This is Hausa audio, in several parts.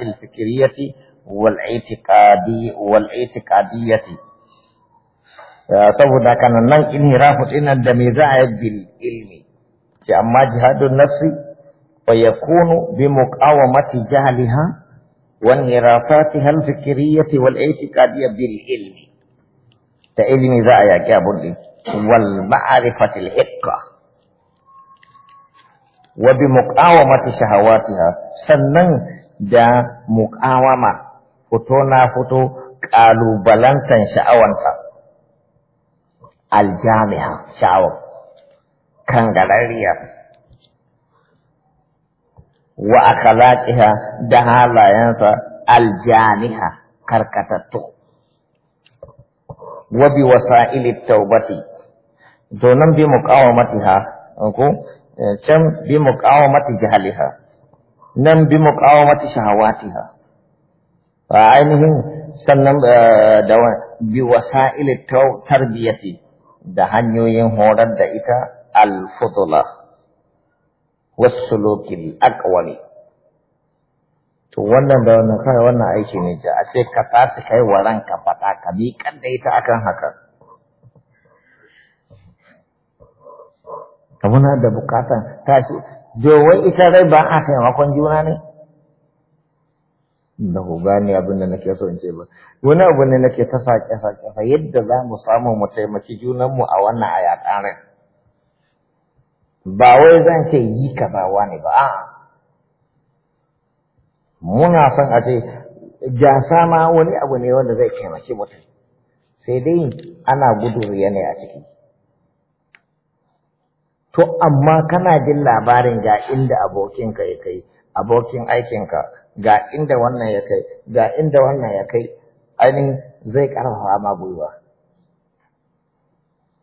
الفكرية والاعتقادي والاعتقادية saboda haka nan inhirafu dinan da me za a yi bil ilmi ce amma jihadun nafsi wa yakunu bi muqawamati jahliha wa inhirafatiha al fikriyati wal i'tiqadiyya bil ilmi ta ilmi za a yaki abun din wal ma'rifati al hiqqa wa bi muqawamati shahawatiha sannan da muƙawama fito na fito ƙalubalantan sha'awanta aljami'a sha'awar kangararriya wa akhlaqiha da halayensa aljami'a karkatattu wa bi wasa'il taubati donan bi muqawamatiha ko eh, can bi muqawamati jahaliha nan bi muqawamati shahawatiha wa ainihin sannan eh, da bi wasa'il tarbiyati da hanyoyin horar da ita al-fudula wasulukil aqwali to wannan da wannan kai wannan aiki ne ja a ce ka tashi kai waran ka fada ka bi kanda ita akan haka kamuna da bukatan tashi domin ita rai ba a taimakon juna ne? Da ku gane abin da nake so in ce ba. Wani abu ne nake ta sake sake yadda za mu samu mu taimaki junanmu a wannan ayatarin. Ba wai zan ce yi ka ba wani ba, Muna son a ce, jasa ma wani abu ne wanda zai taimaki mutum. Sai dai ana gudu yanayi a ciki. to amma kana jin labarin ga inda abokinka ya kai abokin aikinka ga inda wannan ya kai ga inda wannan ya kai ainihin zai karfafa ma gwiwa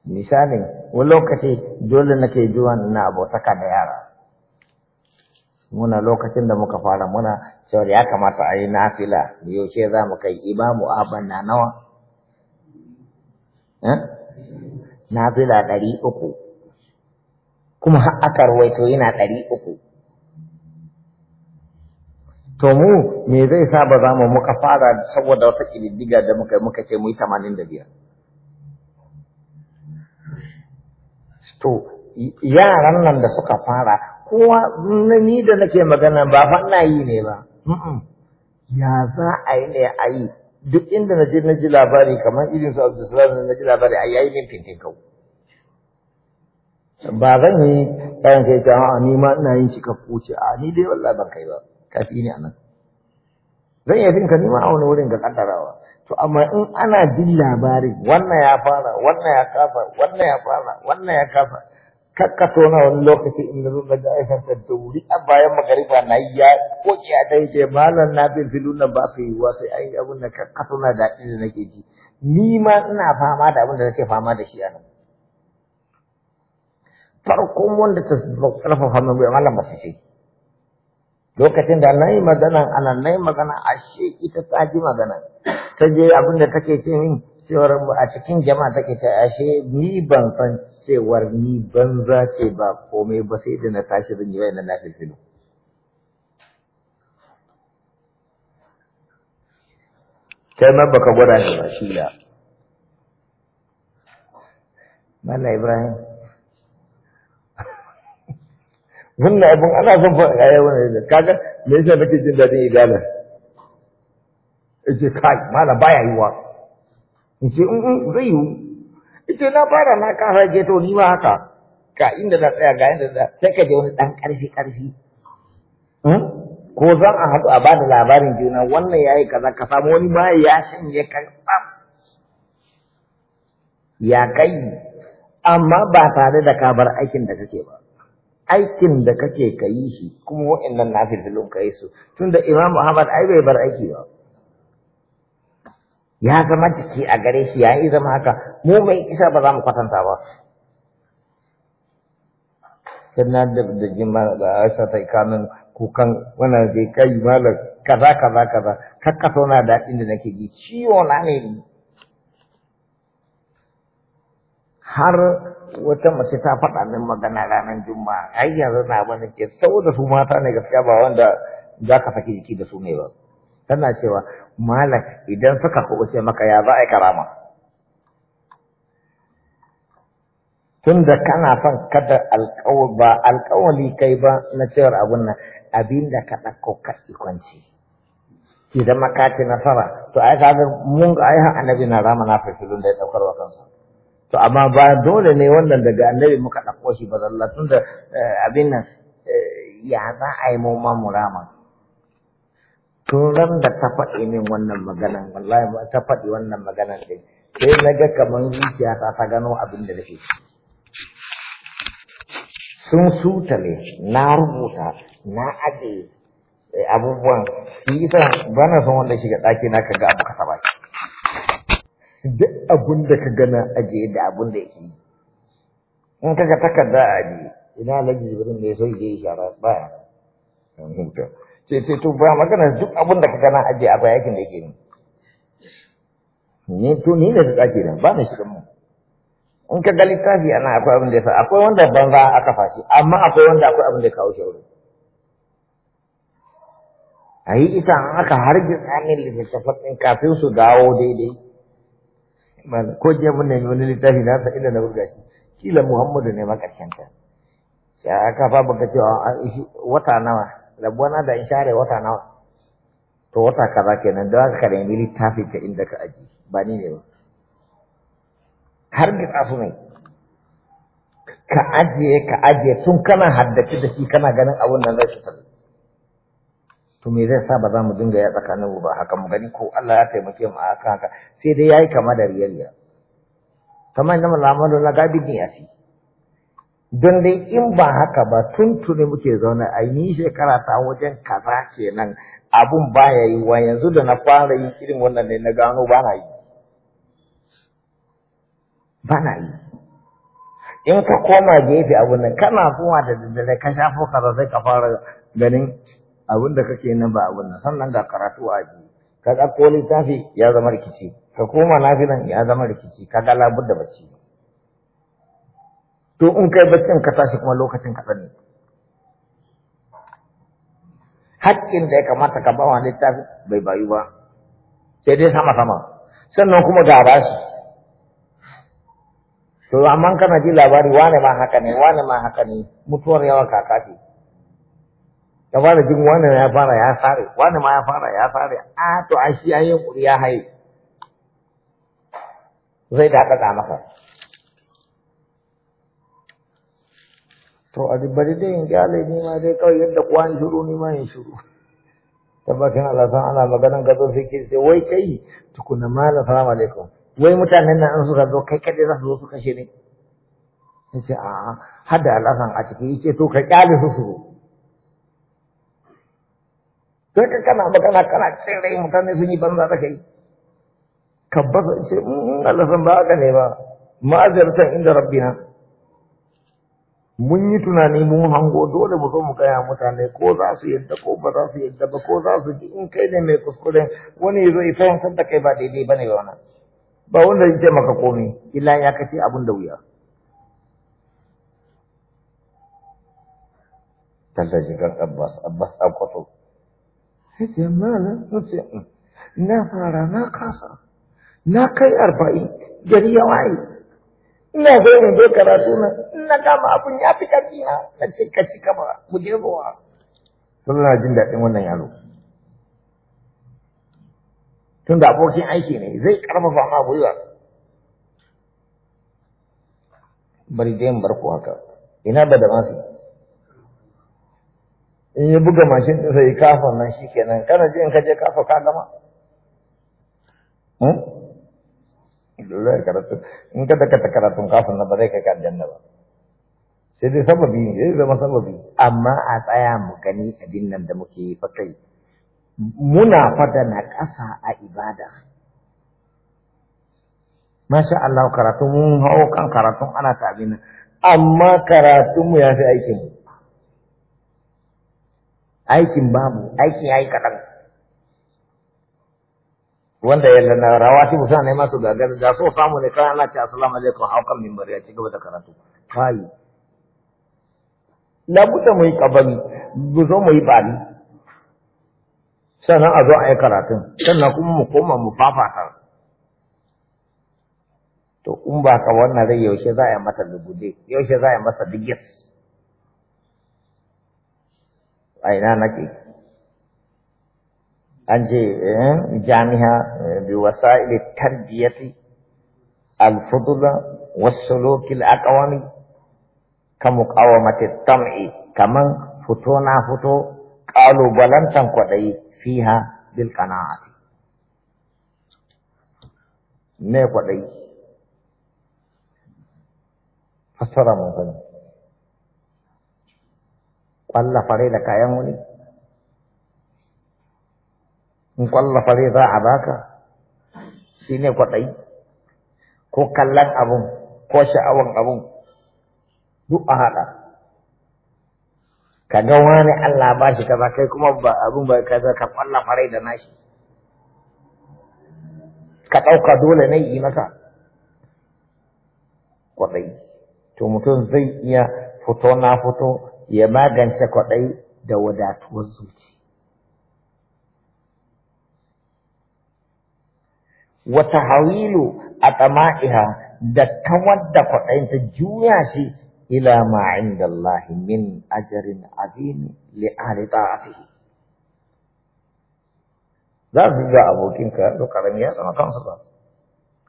misalin wani lokaci dole nake juwan na abotaka da yara muna lokacin da muka fara muna cewar ya kamata a yi nafila yaushe za mu kai imamu abin na nawa eh? nafila ɗari uku kuma har aka ruwaito yana ɗari uku to mu me zai sa ba za mu muka fara saboda wata ƙididdiga da muka yi muka ce mu yi tamanin da biyar to yaran nan da suka fara kowa ni da nake magana ba fa yi ne ba ya za a yi ne a yi duk inda na je na ji labari kamar irin su Abdulsalam na ji labari a yayi min fintin kau ba zan yi ɗayan kai ta a ni ina yin cika kuce a ni dai wallahi ban kai ba kafi ne anan zan iya finka ni a wani wurin ga kaddarawa to amma in ana jin labarin wannan ya fara wannan ya kafa wannan ya fara wannan ya kafa kakkato na wani lokaci in da zuwa ga aikin da dauri a bayan magariba na yi ya koki a dai ke malam na filu nan ba su yiwuwa sai an yi abin da kakkato na daɗi da nake ji ni ma ina fama da abin da nake fama da shi a nan farkon wanda ta karfafa min gwiwa masu shi lokacin da na yi magana ana na yi magana ashe ita ta ji magana ta je abin da take ce min cewar a cikin jama'a take a ashe ni ban san cewar ni banza ce ba komai ba sai da na tashi zan yi wayannan na filfilo kai ma baka gwada shi ba shi da Ibrahim wannan abin ana son fa a yi wannan da kaga me yasa nake jin daɗin igala yace kai mala baya yiwa yace in mm, in mm, zai yiwu yace na fara na kara je to ni ma haka ka inda na tsaya ga inda da sai ka je wani dan karfi karfi hmm? ko zan a haɗu a ba da labarin juna wannan yayi kaza ka samu wani ma ya shanye karfa ya kai amma ba tare da ka bar aikin da kake ba aikin da kake ka yi shi kuma wa'annan nafilfilun ka yi su da Imam Ahmad ai bai bar aiki ba ya zama ciki a gare shi ya yi zama haka mu mai isa ba za mu kwatanta ba sannan da da jima da Aisha ta kamin kukan wannan zai kai malam kaza kaza kaza kakka na daɗin da nake ji ciwo na ne har wata mace ta faɗa min magana ranar juma'a ai yanzu na bani ce saboda su mata ne gaskiya ba wanda za ka saki jiki da su ne ba tana cewa malam idan suka kuɓuce maka ya za a yi karama tunda kana son kada alƙawar ba alƙawali kai ba na cewar abin nan abin da ka ɗauko ka ikonci idan maka nasara to ai ga mun ga ai annabi na rama na fasilun da ya ɗaukar wa kansa to amma ba dole ne wannan daga annabi muka dauko shi ba zalla tun da eh, abin nan eh, ya za a yi mu ma murama tun ran da ta faɗi min wannan maganan wallahi ba ta faɗi wannan maganan din sai na ga kamar zuciya ta ta gano abin da nake sun sutale na rubuta na ajiye eh, abubuwan yi ta bana son wanda shiga ɗaki na kaga abu abun da ka gana ajiye da abun da yake yi in kaga takarda a ajiye ina lagi jibrin ne sai yi ishara baya nan huta ce ce to ba magana duk abun da ka gana ajiye a bayakin da yake yi ne to ni ne da tsaki da ba na shiga mu in ka ga littafi ana akwai abin da ya sa akwai wanda banza aka fashi amma akwai wanda akwai abin da ya kawo shauri a yi isa aka hargitsa ne littattafan kafin su dawo daidai ko je mun nemi wani littafi na san inda na burga shi kila Muhammadu ne ma karshen ta ya ka fa baka cewa ah, ah, wata nawa rabuwana da in wata nawa to wata kaza kenan da ka nemi littafi ka inda ka aji ba ni ne ba har gitsa su ne ka ajiye ka ajiye tun kana haddace da shi kana ganin abun nan zai fitar to me zai sa ba za mu dinga ya tsakanin mu ba haka mu gani ko Allah ya taimake mu a haka haka sai dai yayi kama da riyayya kamar inna al'amalu na gabi yafi don dai in ba haka ba tun tuni muke zaune a yi shekara ta wajen kaza kenan abun ya yi wa yanzu da na fara yin irin wannan ne na gano ba na yi ba na yi in ka koma gefe abun nan kana zuwa da daddare ka shafo kaza sai ka fara ganin abin da kake nan ba abin nan sannan ga karatu a ji ka ɗauko littafi ya zama rikici ka koma lafiyan ya zama rikici ka ga labur da bacci to in kai baccin ka tashi kuma lokacin ka ne haƙƙin da ya kamata ka bawa littafi bai bayu ba sai dai sama sama sannan kuma ga bashi to amma kana ji labari wane ma haka ne wane ma haka ne mutuwar yawa kaka ce ka fara jin wani ya fara ya sare wani ma ya fara ya sare a to a shi ya yi kuri ya haye zai da kada maka to a bari dai in kyale ni ma dai kawai yadda kuwa in shiru ni ma in shiru tabbakin Allah san ana maganan gazo sai ke sai wai kai tukuna malam salamu alaikum wai mutanen nan an suka zo kai kadai za su zo su kashe ne yace a'a hada alasan a ciki yace to ka kyale su su sai kana magana kana tsirrai mutane sun yi banza da kai ka basa ce mm, mm, Allah san ba haka ne ba ma'azartan inda rabbina mun yi tunani mun hango dole mu zo mu gaya mutane ko za su yadda ko ba za su yadda ba ko za su ji in kai ne mai kuskuren wani ya zo ya fahimtar da kai ba daidai ba ne ba wannan ba wanda zai ce maka komai illa ya kace abin da wuya tallaje kan abbas abbas akwato ce malam na ce fara na kasa e na kai arba'in gari ya waye ina zo in zo karatu na ina kama abin ya fi karfi na na ce ka ci kama mu je zuwa. Sallah jin daɗin wannan yaro tun da abokin aiki ne zai karfafa ma gwiwa bari dai mu bar ku haka ina da masu in ya buga mashin ɗin sai kafa nan shi kenan kana ji in ka je kafa ka gama hmm? lura karatu in ka daga karatun kafin na ba zai kai kan janna ba sai dai sababi ne zai zama sababi amma a tsaya mu gani abin nan da muke yi fa kai muna fada na ƙasa a ibada masha Allah karatu mun hau kan karatun ana tabi amma karatunmu ya fi aikin mu. aikin babu aiki ya yi kaɗan wanda ya na rawa shi musa ne masu gagara da so samu ne kai ana ce assalamu alaikum hau kan mimbar ya ci gaba da karatu kai na mu yi kabari mu zo mu yi sannan a zo a yi karatun sannan kuma mu koma mu fafata to in ba ka wannan rai yaushe za a yi mata lugude yaushe za a yi masa digis a ina nake an ce eh, jami'a eh, bi wasa'il tarbiyati al-fudula was-suluki al-aqwami ka muqawamati tam'i kaman fito na fito kalubalantan kwaɗayi fiha bil qana'ati me kwaɗayi fasara mun sani ƙwalla fare da kayan wani in kwallo fare za a baka shi ne kwaɗayi ko kallon abun ko sha'awan abun duk a haɗa ka ga wani Allah ba shi kaza kai kuma ba abun ba kaza ka ƙwalla fare da nashi ka ɗauka dole ne yi maka kwaɗayi to mutum zai iya fito na fito ya magance kwaɗai da wadatuwar zuci. Wata hawilu a tsama'iha da kawar da kwaɗayin ta juya shi ila ma'in da Allah min ajarin abin li'ari ta'afihi. Za su ga abokinka da ƙarami ya tsama kansu ba.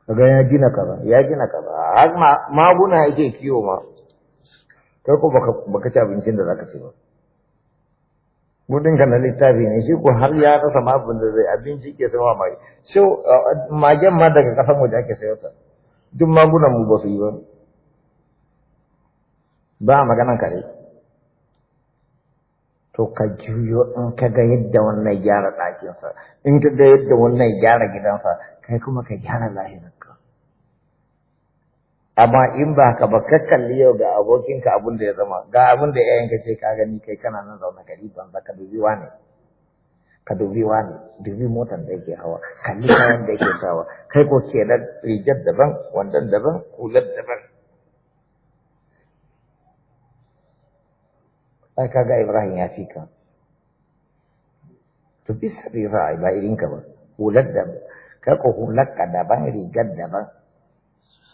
Kaga ya gina kaza, ya gina kaza, har maguna yake kiwo ma. kai ko baka baka ci abincin da zaka ci ba gudun ka na littafi ne shi ko har ya rasa ma abin da zai abinci ke sayawa mai so magen ma daga kasan da ake sayo ta duk magunan mu ba su yi ba ba maganan kare to ka juyo in ka ga yadda wannan gyara ɗakinsa in ka ga yadda wannan gyara gidansa kai kuma ka gyara lahirin amma in ba ka ba ka kalli yau ga abokinka abin da ya zama ga abin da yayanka ce ka gani kai kana nan zaune gari ba ka dubi wane ka dubi wane dubi motar da yake hawa kalli kayan da yake sawa kai ko kenan rigar daban wandan daban kular daban ai kaga Ibrahim ya fi ka to bisa bi ra'ayi ba irin ka ba hular daban kai ko hular ka daban rigar daban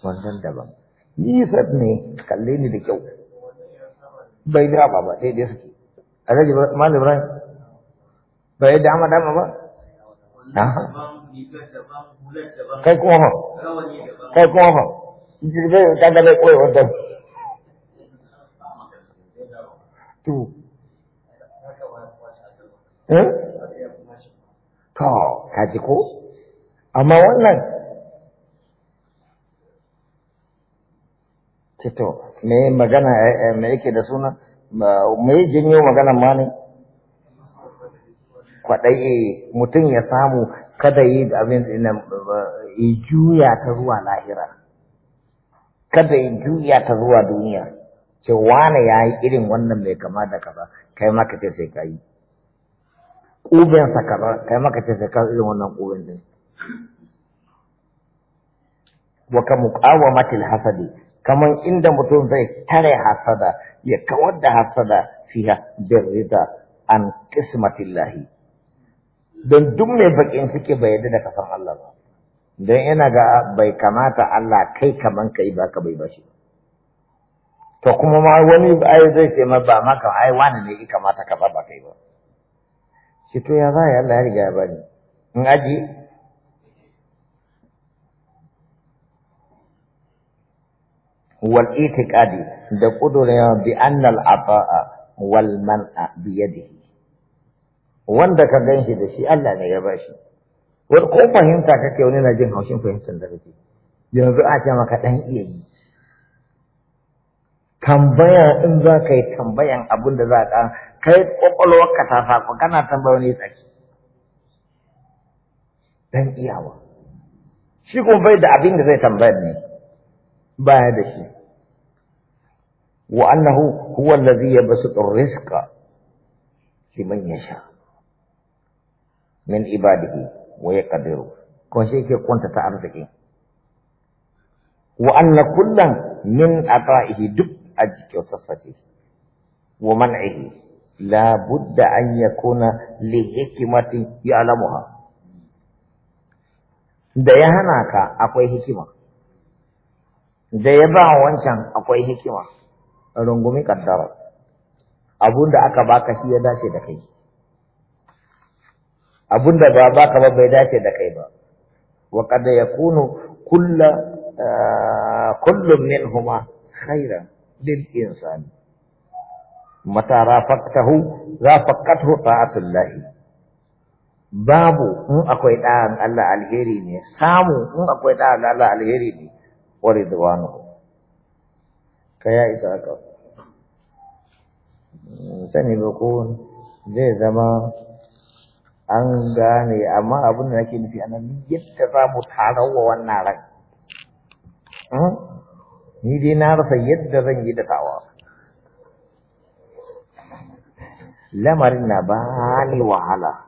wannan daban nisab ne kalle ni da kyau bai da ba sai dai suke rage malam rai bai dama dama ba kai kuma fa kai kuma fa jirgai ta da bai koyi wannan to eh to kaji ko amma wannan to me magana eh, eh, me yake da suna, me janyo magana ma ne? Kwaɗaye mutum ya samu kada yi da abin yi juya ta zuwa lahira, kada yi juya ta zuwa duniya, ce wane ya yi irin wannan mai kama da kaza, kai ma ka ce sai ka yi. sa kaza, kai ma ka ce sai ka irin wannan ƙuben din. Wa ka muƙawamatil hasadi, Kaman inda mutum zai tare hasada ya kawar da hasada fiha birrida an kismatillahi don duk mai bakin suke bai yadda da kasan Allah ba don yana ga bai kamata Allah kai kaman kai ba ka bai bashi to kuma ma wani ai zai ce ma ba maka ai wani ne kamata ka ba kai ba shi to ya za ya Allah ya riga ya bani in aji wal da ƙudurin bi annal afa’a wal man'a bi wanda ka shi da shi Allah ne ya bashi wani ko fahimta kake wani na jin haushin fahimtar da kake yanzu a ce maka dan iya yi tambaya in za ka yi tambayan abin da za ka kai ka ta saƙo kana tambaya ne tsaki dan iyawa shi kuma bai da abin da zai tambayar ne baya da shi Wa'an na hu, kuwa lafiya ba su don reska, sha. Min iya ba da wa yaƙa biro, kawai sai kwanta ta arziki kin. Wa an na min haƙa duk a jikin sasake. Wa man ci la buda an ya kuna leh hikimatin Da ya hana ka akwai hikima. Da ya ba wancan akwai hikima. rungumi kaddara abunda aka baka shi ya dace da kai abunda ba baka ba bai dace da kai ba wa qad yakunu kullu min huma khaira lil insan mata rafaqtahu rafaqathu ta'atullah babu in akwai da'an Allah alheri ne samu in akwai da'an Allah alheri ne wa ridwanu ka ya isa hmm, sani ba ko zai zama an gane amma abin da nake nufi anan yadda za mu tarawa wannan ran hmm? ni dai na rasa yadda zan yi da tawa lamarin na ba ni wahala